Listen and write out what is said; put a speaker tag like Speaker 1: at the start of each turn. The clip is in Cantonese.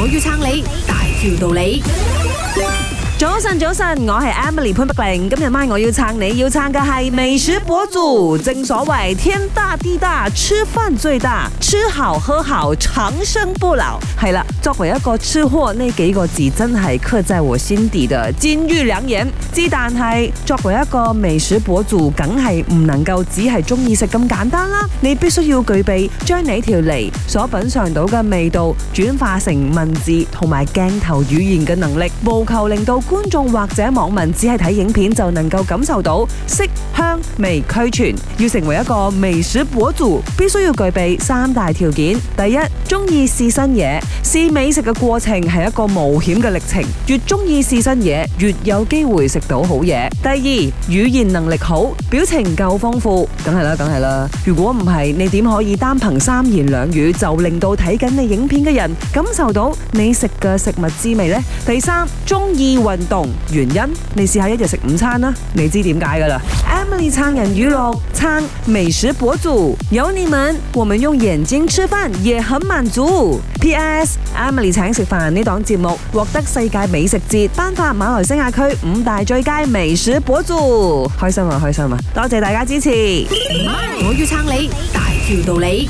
Speaker 1: 我要撐你，大條道理。
Speaker 2: 早晨，早晨，我係 Emily 潘碧玲。今日晚我要撐你要撐嘅係美食博主。正所謂天大地大，吃飯最大，吃好喝好，長生不老。係啦，作為一個吃貨，呢幾個字真係刻在我心底的金玉良言。之但係，作為一個美食博主，梗係唔能夠只係中意食咁簡單啦。你必須要具備將你條脷所品嘗到嘅味道轉化成文字同埋鏡頭語言嘅能力，務求令到。觀眾或者網民只係睇影片就能夠感受到色香味俱全。要成為一個美食博主，必須要具備三大條件：第一，鍾意試新嘢。試美食嘅過程係一個冒險嘅歷程，越中意試新嘢，越有機會食到好嘢。第二，語言能力好，表情夠豐富，梗係啦，梗係啦。如果唔係，你點可以單憑三言兩語就令到睇緊你影片嘅人感受到你食嘅食物滋味呢？第三，中意運動，原因你試下一日食午餐啦，你知點解噶啦？Emily 撐人語錄，撐美食博主，有你們，我們用眼睛吃飯也很滿足。P.S. Emily 請食飯呢檔節目獲得世界美食節頒發馬來西亞區五大最佳美食博主，開心啊開心啊！多謝大家支持，
Speaker 1: 我要撐你，大條道理。